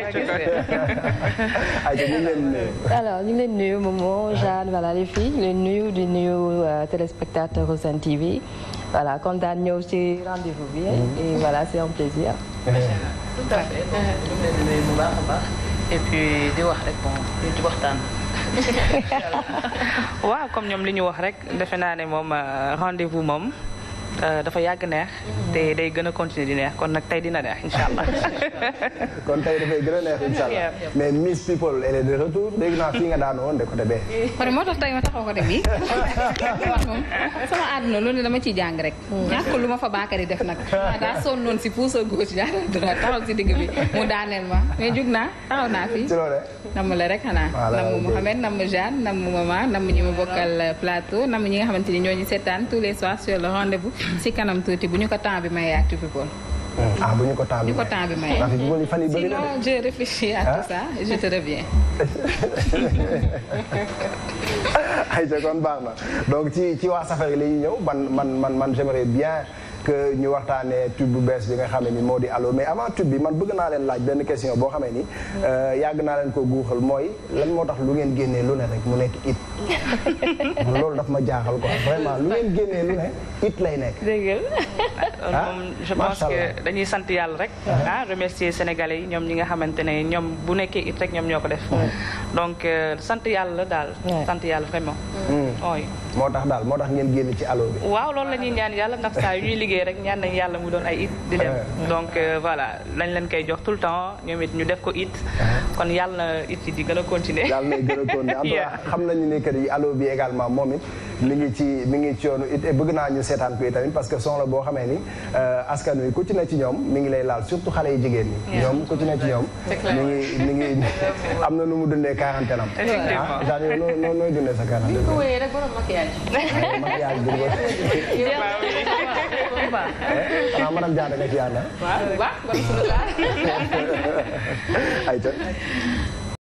Ah, alors ñu ngi leen nuyu Momo Jeanne voilà les filles leen nuyu di nuyu euh, téléspectateur Sen TV voilà kontaan ñëw ci rendez-vous bi. Mm-hmm. et voilà c'est un plaisir. Eh. tout à fait ñu ngi leen a baax et puis di wax rek bon di waxtaan. waaw comme ñoom li ñu wax rek defe naa ne moom euh, rendez-vous moom. Euh, dafa yàgg neex. Mhm. te day gën a continuer di neex kon nag tey dina de incha allah. kon tey dafay a neex incha de retour dégg naa de côté bee. kon moo tax tey ma taxaw ko de bii wax moom loolu dama ciy jàng rek. Hmm. ñàkk lu ma fa baakari def nag daa sonnoon si pousse à gauche daa taxaw si digg bi mu daaneel ma mais jug naa taxaw naa fi. ci loolu namm la rek xanaa. namm Mouhamed namm Mama namm ñi bokkal plateau namm ñi nga xamante ni ñoo ñu seetaan tous les soirs sur rendez-vous. si kanam tuuti bu ñu ko temps bi mayee ak people ah bu ñu ko temps bi ko temps bi mayee. parce que fan yii bëri na sinon je réfléchis à te reviens. ayca kon baax na donc ci ci waa safari la ñuy ñëw man man man man bien. que ñu waxtaanee tube bu bees bi nga xamee ni moo di allo mais avant tube bi man bëgg naa leen laaj benn question boo xamee ni euh, yàgg naa leen ko guuxal mooy lan moo tax lu ngeen génnee lu ne rek mu nekk it loolu daf ma jaaxal quoi vraiment lu ngeen génnee lu ne it lay ah, ah, je pense dañuy sant yàlla rek ah. ah remercier sénégalais yi ñoom ñi nga xamante ne ñoom bu nekkee it rek ñoom ñoo ko def donc euh, sant yàlla daal sant yàlla vraiment hmm. ooy moo tax daal moo tax ngeen génn ci allo bi waaw loolu la ñuy ñaan yàlla ndax saa liggéey rek ñaan yàlla mu doon ay it di dem donc euh, voilà dañ leen koy jox tout le temps ñu def ko it uh-huh. kon yàlla na it yi di gën a continuer yàlla na gën a xam nañu ne que yi allo bi également moom mi ngi ci mi ngi ci yoonu bëgg naa ñu seetaan ko itamit parce que son boo xamee ni euh, askan wi ku ci ñoom mi ngi lay laal surtout xale yu jigéen ñi ñoom ku ci ci ñoom mi mi ngi am na nu mu dundee quarantaine am ah genre nooy dundee sa quarantaine maquillage waaw xanaa madame Diatta nga ci yàlla. waaw bu baax kon suñu